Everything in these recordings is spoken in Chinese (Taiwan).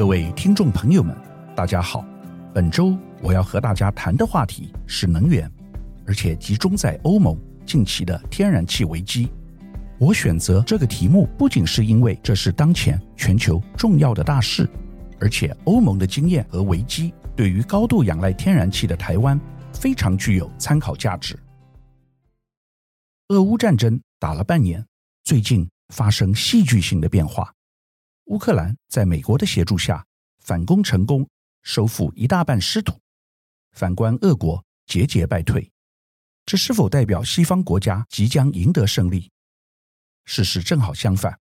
各位聽眾朋友們，大家好。本周我要和大家談的話題是能源，而且集中在歐盟近期的天然氣危機。我選擇這個題目，不僅是因為這是當前全球重要的大事，而且歐盟的經驗和危機對於高度仰賴天然氣的台灣非常具有參考價值。俄烏戰爭打了半年，最近發生戲劇性的變化。烏克蘭在美國的協助下反攻成功，收復一大半失土。反觀俄國節節敗退，這是否代表西方國家即將贏得勝利？事實正好相反，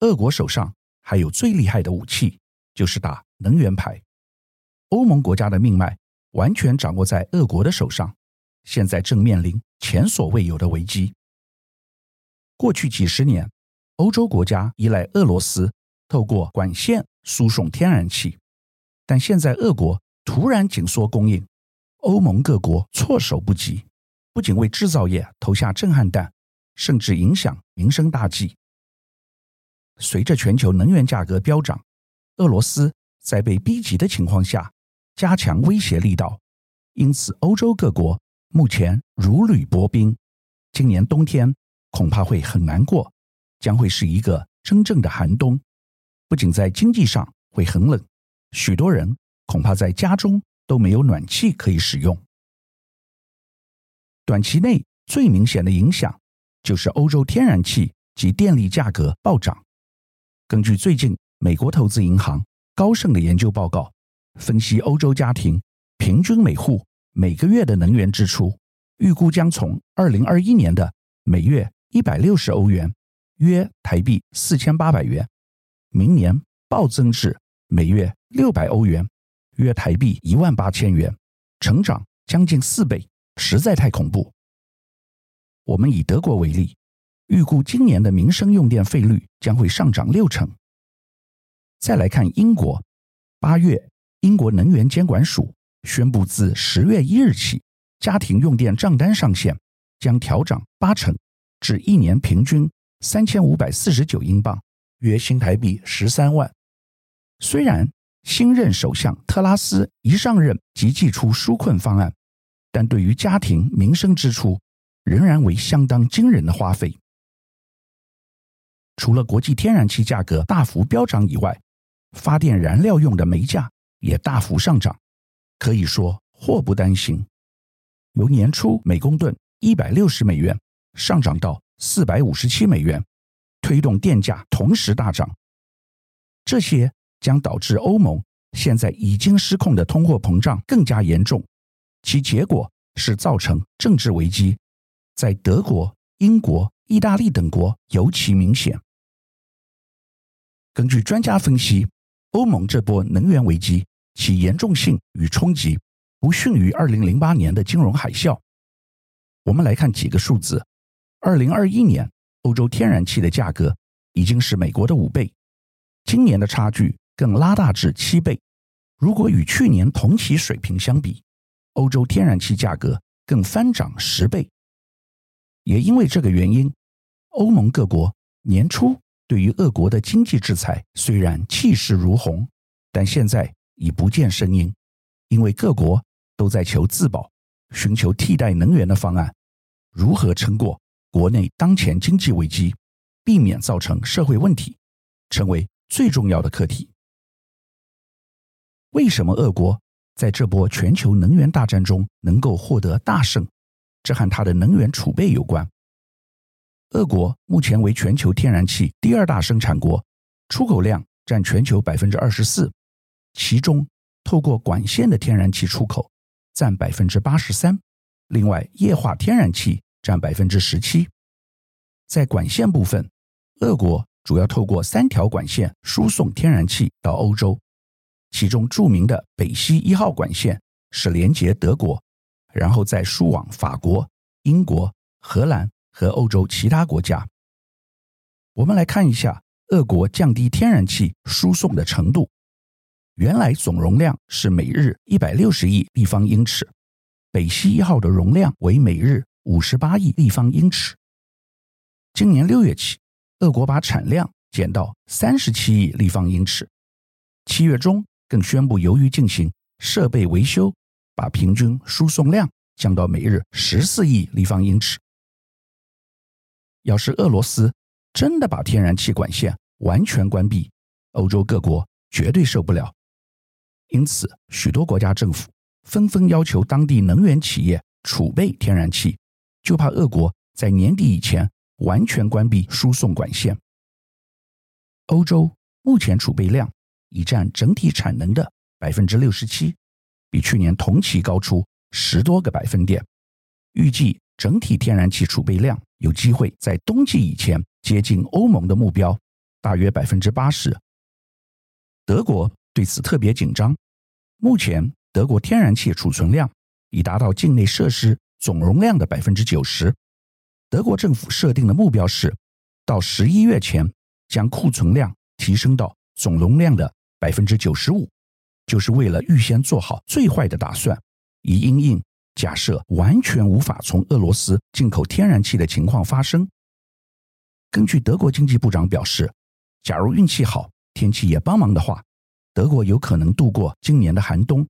俄國手上還有最厲害的武器，就是打能源牌。歐盟國家的命脈完全掌握在俄國的手上，現在正面臨前所未有的危機。過去幾十年，歐洲國家依賴俄羅斯。透過管線輸送天然氣，但現在俄國突然緊縮供應，歐盟各國措手不及，不僅為製造業投下震撼彈，甚至影響民生大計。隨着全球能源價格飆漲，俄羅斯在被逼急的情況下加強威脅力道，因此歐洲各國目前如履薄冰，今年冬天恐怕會很難過，將會是一個真正的寒冬。不僅在經濟上會很冷，許多人恐怕在家中都沒有暖氣可以使用。短期內最明顯的影響就是歐洲天然氣及電力價格暴漲。根據最近美國投資銀行高盛的研究報告，分析歐洲家庭平均每戶每個月的能源支出，預估將從二零二一年的每月一百六十歐元（約台幣四千八百元），明年暴增至每月六百歐元，約台幣一萬八千元，成長將近四倍，實在太恐怖。我們以德國為例，預估今年的民生用電費率將會上漲六成。再來看英國，八月英國能源監管署宣布，自十月一日起，家庭用電賬單上限將調漲八成，至一年平均三千五百四十九英鎊。約新台幣十三萬。雖然新任首相特拉斯一上任即祭出紓困方案，但對於家庭民生支出，仍然為相當驚人的花費。除了國際天然氣價格大幅飆漲以外，發電燃料用的煤價也大幅上漲，可以說禍不單行。由年初每公噸一百六十美元，上漲到四百五十七美元。推動電價同時大漲，這些將導致歐盟現在已經失控的通貨膨脹更加嚴重，其結果是造成政治危機，在德國、英國、意大利等國尤其明顯。根據專家分析，歐盟這波能源危機，其嚴重性與衝擊不遜於二零零八年的金融海嘯。我們來看幾個數字，二零二一年，歐洲天然氣的價格已經是美國的五倍，今年的差距更拉大至七倍。如果與去年同期水平相比，歐洲天然氣價格更翻漲十倍。也因為這個原因，歐盟各國年初對於俄國的經濟制裁雖然氣勢如虹，但現在已不見聲音，因為各國都在求自保，尋求替代能源的方案。如何撐過國內當前經濟危機，避免造成社會問題，成為最重要的課題。為什麼俄國在這波全球能源大戰中能夠獲得大勝？這和它的能源儲備有關。俄國目前為全球天然氣第二大生產國，出口量占全球百分之二十四，其中透過管線的天然氣出口占百分之八十三，另外液化天然氣。佔百分之十七。在管線部分，俄國主要透過三條管線輸送天然氣到歐洲，其中著名的北溪一號管線是連接德國，然後再輸往法國、英國、荷蘭和歐洲其他國家。我們來看一下俄國降低天然氣輸送的程度。原來總容量是每日一百六十億立方英尺，北溪一號的容量為每日。五十八億立方英尺。今年六月起，俄國把產量減到三十七億立方英尺。七月中更宣布，由於進行設備維修，把平均輸送量降到每日十四億立方英尺。要是俄羅斯真的把天然氣管線完全關閉，歐洲各國絕對受不了。因此，許多國家政府紛紛要求當地能源企業儲備天然氣。就怕俄國在年底以前完全關閉輸送管線。歐洲目前儲備量已佔整體產能的百分之六十七，比去年同期高出十多個百分點。預計整體天然氣儲備量有機會在冬季以前接近歐盟的目標，大約百分之八十。德國對此特別緊張。目前德國天然氣儲存量已達到境內設施，總容量的百分之九十，德國政府設定的目標是，到十一月前將庫存量提升到總容量的百分之九十五，就是為了預先做好最壞的打算，以因應假設完全無法從俄羅斯進口天然氣的情況發生。根據德國經濟部長表示，假如運氣好，天氣也幫忙的話，德國有可能度過今年的寒冬。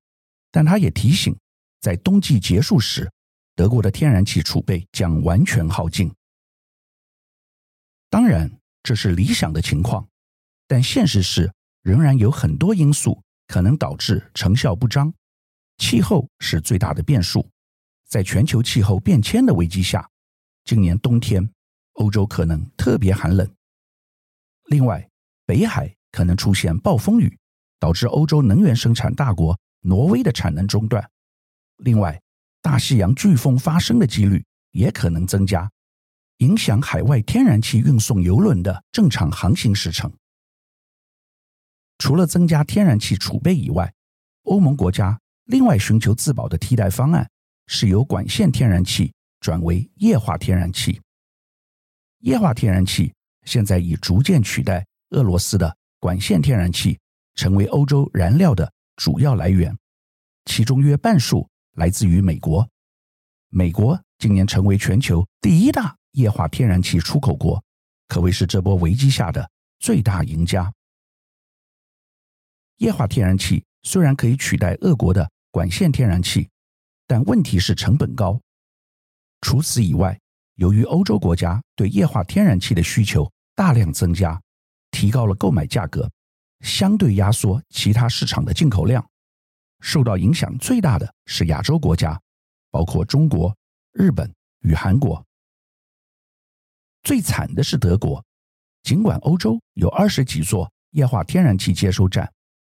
但他也提醒，在冬季結束時，德國的天然氣儲備將完全耗盡。當然，這是理想的情況，但現實是仍然有很多因素可能導致成效不彰。氣候是最大的變數，在全球氣候變遷的危機下，今年冬天歐洲可能特別寒冷。另外，北海可能出現暴風雨，導致歐洲能源生產大國挪威的產能中斷。另外，大西洋颶風發生的幾率也可能增加，影響海外天然氣運送油輪的正常航行時程。除了增加天然氣儲備以外，歐盟國家另外尋求自保的替代方案是由管線天然氣轉為液化天然氣。液化天然氣現在已逐漸取代俄羅斯的管線天然氣，成為歐洲燃料的主要來源，其中約半數。來自於美國，美國今年成為全球第一大液化天然氣出口國，可謂是這波危機下的最大贏家。液化天然氣雖然可以取代俄國的管線天然氣，但問題是成本高。除此以外，由於歐洲國家對液化天然氣的需求大量增加，提高了購買價格，相對壓縮其他市場的進口量。受到影響最大的是亞洲國家，包括中國、日本與韓國。最慘的是德國，儘管歐洲有二十幾座液化天然氣接收站，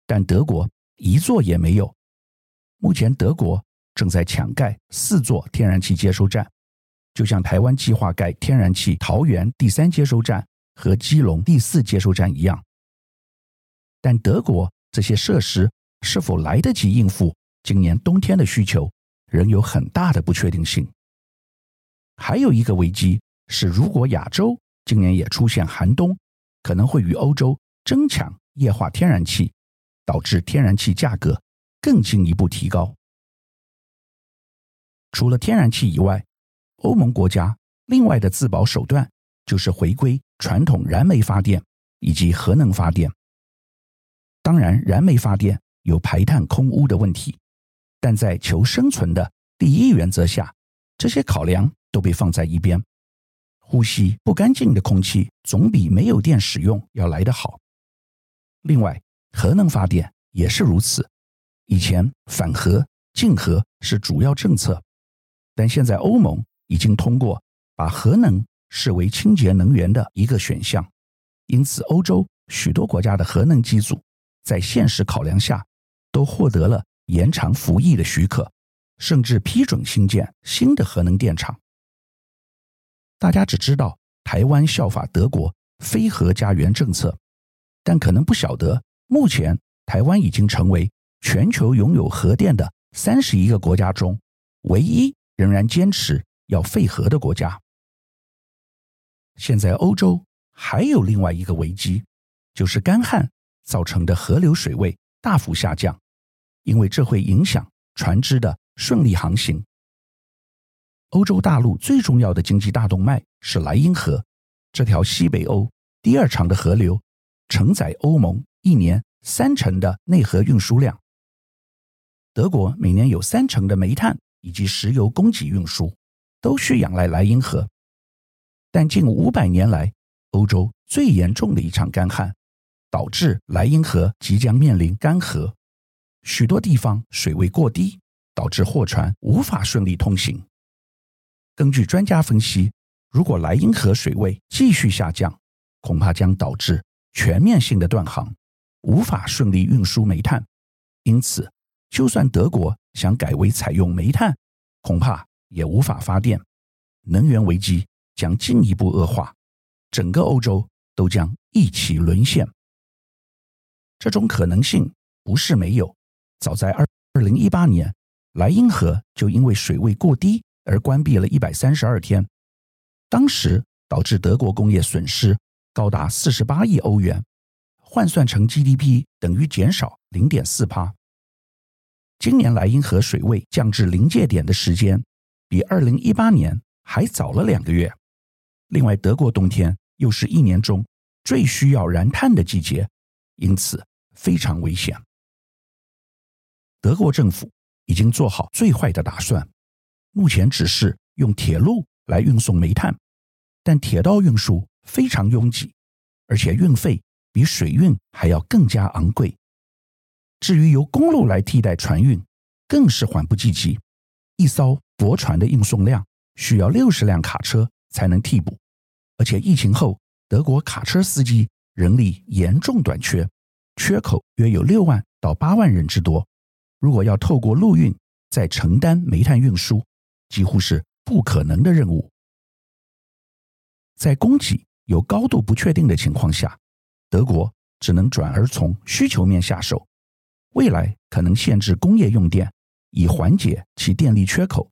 但德國一座也沒有。目前德國正在搶蓋四座天然氣接收站，就像台灣計劃蓋天然氣桃園第三接收站和基隆第四接收站一樣。但德國這些設施，是否來得及應付今年冬天的需求，仍有很大的不確定性。還有一個危機是，如果亞洲今年也出現寒冬，可能會與歐洲爭搶液化天然氣，導致天然氣價格更進一步提高。除了天然氣以外，歐盟國家另外的自保手段就是回歸傳統燃煤發電以及核能發電。當然，燃煤發電。有排碳空污的問題，但在求生存的第一原則下，這些考量都被放在一邊。呼吸不乾淨的空氣總比沒有電使用要來得好。另外，核能發電也是如此。以前反核、禁核是主要政策，但現在歐盟已經通過把核能視為清潔能源的一個選項，因此歐洲許多國家的核能機組在現實考量下，都獲得了延長服役的許可，甚至批准興建新的核能電廠。大家只知道台灣效法德國“非核家園”政策，但可能不曉得，目前台灣已經成為全球擁有核電的三十一個國家中，唯一仍然堅持要廢核的國家。現在歐洲還有另外一個危機，就是乾旱造成的河流水位大幅下降。因為這會影響船隻的順利航行。歐洲大陸最重要的經濟大動脈是萊茵河，這條西北歐第二長的河流，承載歐盟一年三成的內河運輸量。德國每年有三成的煤炭以及石油供給運輸都需仰賴萊茵河。但近五百年來，歐洲最嚴重的一場乾旱，導致萊茵河即將面臨乾涸。許多地方水位過低，導致貨船無法順利通行。根據專家分析，如果萊茵河水位繼續下降，恐怕將導致全面性的斷航，無法順利運輸煤炭。因此，就算德國想改為採用煤炭，恐怕也無法發電。能源危機將進一步惡化，整個歐洲都將一起淪陷。這種可能性不是沒有。早在二二零一八年，萊茵河就因為水位過低而關閉了一百三十二天，當時導致德國工業損失高達四十八億歐元，換算成 GDP 等於減少零點四趴。今年萊茵河水位降至臨界點的時間比二零一八年還早了兩個月。另外，德國冬天又是一年中最需要燃碳的季節，因此非常危險。德國政府已經做好最壞的打算，目前只是用鐵路來運送煤炭，但鐵道運輸非常擁擠，而且運費比水運還要更加昂貴。至於由公路來替代船運，更是緩不濟急。一艘駁船的運送量需要六十輛卡車才能替補，而且疫情後德國卡車司機人力嚴重短缺，缺口約有六萬到八萬人之多。如果要透過陸運再承擔煤炭運輸，幾乎是不可能的任務。在供給有高度不確定的情況下，德國只能轉而從需求面下手，未來可能限制工業用電，以緩解其電力缺口。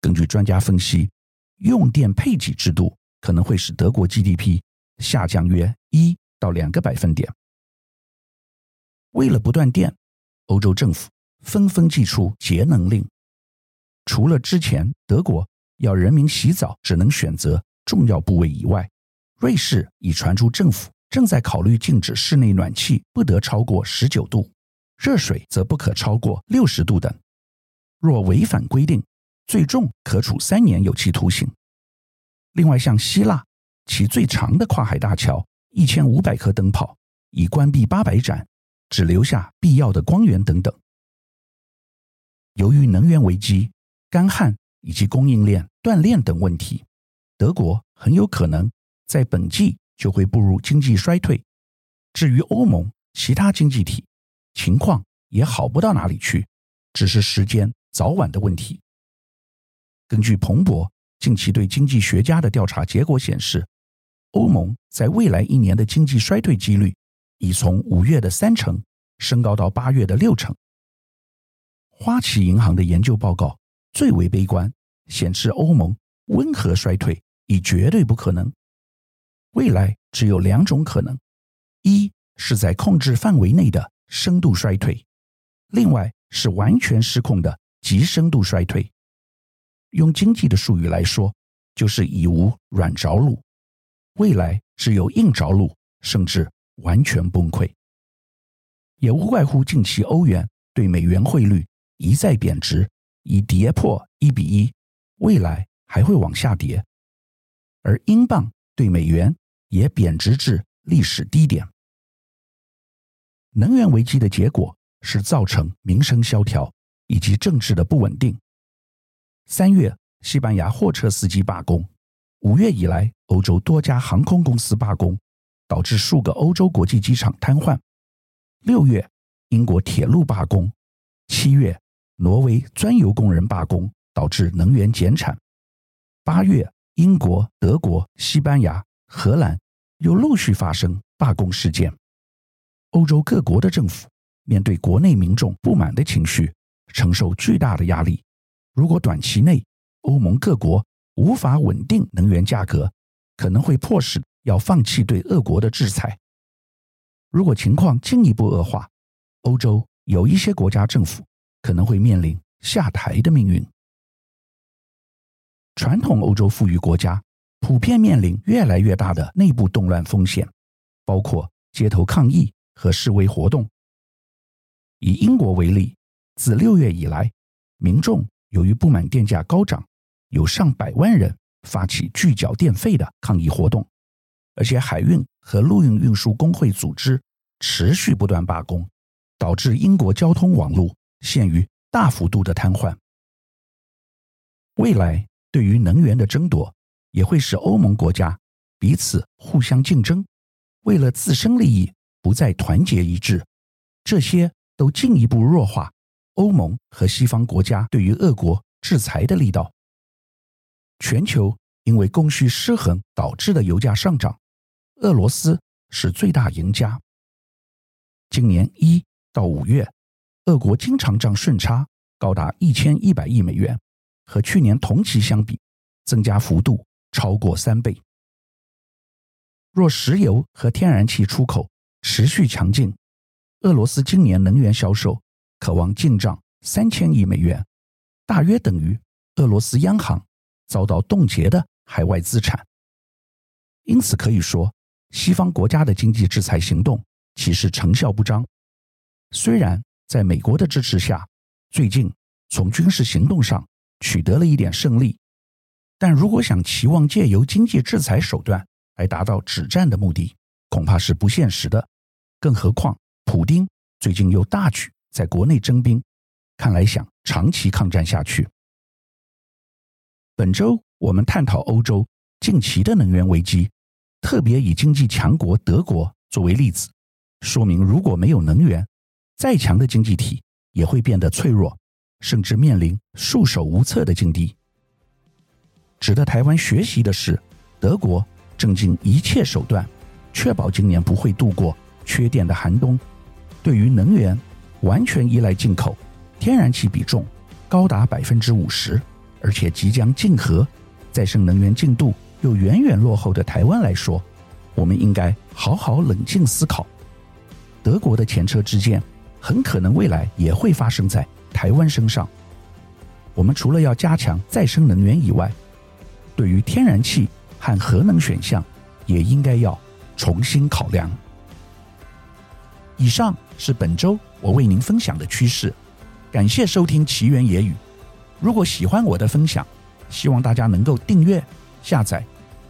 根據專家分析，用電配給制度可能會使德國 GDP 下降約一到兩個百分點。為了不斷電，歐洲政府紛紛祭出節能令，除了之前德國要人民洗澡只能選擇重要部位以外，瑞士已傳出政府正在考慮禁止室內暖氣不得超過十九度，熱水則不可超過六十度等。若違反規定，最重可處三年有期徒刑。另外，像希臘，其最長的跨海大橋一千五百顆燈泡已關閉八百盞。只留下必要的光源等等。由於能源危機、乾旱以及供應鏈斷裂等問題，德國很有可能在本季就會步入經濟衰退。至於歐盟其他經濟體，情況也好不到哪裡去，只是時間早晚的問題。根據彭博近期對經濟學家的調查結果顯示，歐盟在未來一年的經濟衰退幾率。已從五月的三成升高到八月的六成。花旗銀行的研究報告最為悲觀，顯示歐盟溫和衰退已絕對不可能。未來只有兩種可能：一是在控制範圍內的深度衰退；另外是完全失控的極深度衰退。用經濟的術語來說，就是已無軟着陸，未來只有硬着陸，甚至。完全崩潰，也無怪乎近期歐元對美元匯率一再貶值，已跌破一比一，未來還會往下跌。而英鎊對美元也貶值至歷史低點。能源危機的結果是造成民生蕭條以及政治的不穩定。三月，西班牙貨車司機罷工；五月以來，歐洲多家航空公司罷工。導致數個歐洲國際機場癱瘓。六月，英國鐵路罷工；七月，挪威鑽油工人罷工，導致能源減產。八月，英國、德國、西班牙、荷蘭又陸續發生罷工事件。歐洲各國的政府面對國內民眾不滿的情緒，承受巨大的壓力。如果短期內歐盟各國無法穩定能源價格，可能會迫使要放棄對俄國的制裁。如果情況進一步惡化，歐洲有一些國家政府可能會面臨下台的命運。傳統歐洲富裕國家普遍面臨越來越大的內部動亂風險，包括街頭抗議和示威活動。以英國為例，自六月以來，民眾由於不滿電價高漲，有上百萬人發起拒繳電費的抗議活動。而且海運和陸運運輸工會組織持續不斷罷工，導致英國交通網絡陷於大幅度的癱瘓。未來對於能源的爭奪也會使歐盟國家彼此互相競爭，為了自身利益不再團結一致。這些都進一步弱化歐盟和西方國家對於俄國制裁的力道。全球因為供需失衡導致的油價上漲。俄羅斯是最大贏家。今年一到五月，俄國經常賬順差高達一千一百億美元，和去年同期相比，增加幅度超過三倍。若石油和天然氣出口持續強勁，俄羅斯今年能源銷售可望進賬三千億美元，大約等於俄羅斯央行遭到凍結的海外資產。因此可以說，西方國家的經濟制裁行動其實成效不彰，雖然在美國的支持下，最近從軍事行動上取得了一點勝利，但如果想期望借由經濟制裁手段來達到止戰的目的，恐怕是不現實的。更何況，普丁最近又大舉在國內徵兵，看來想長期抗戰下去。本周我們探討歐洲近期的能源危機。特別以經濟強國德國作為例子，說明如果沒有能源，再強的經濟體也會變得脆弱，甚至面臨束手無策的境地。值得台灣學習的是，德國正盡一切手段，確保今年不會度過缺電的寒冬。對於能源，完全依賴進口，天然氣比重高達百分之五十，而且即將禁核，再生能源進度就遠遠落後的台灣來說，我們應該好好冷靜思考。德國的前車之鑑，很可能未來也會發生在台灣身上。我們除了要加強再生能源以外，對於天然氣和核能選項，也應該要重新考量。以上是本週我為您分享的趨勢。感謝收聽奇緣野語。如果喜歡我的分享，希望大家能夠訂閱、下載。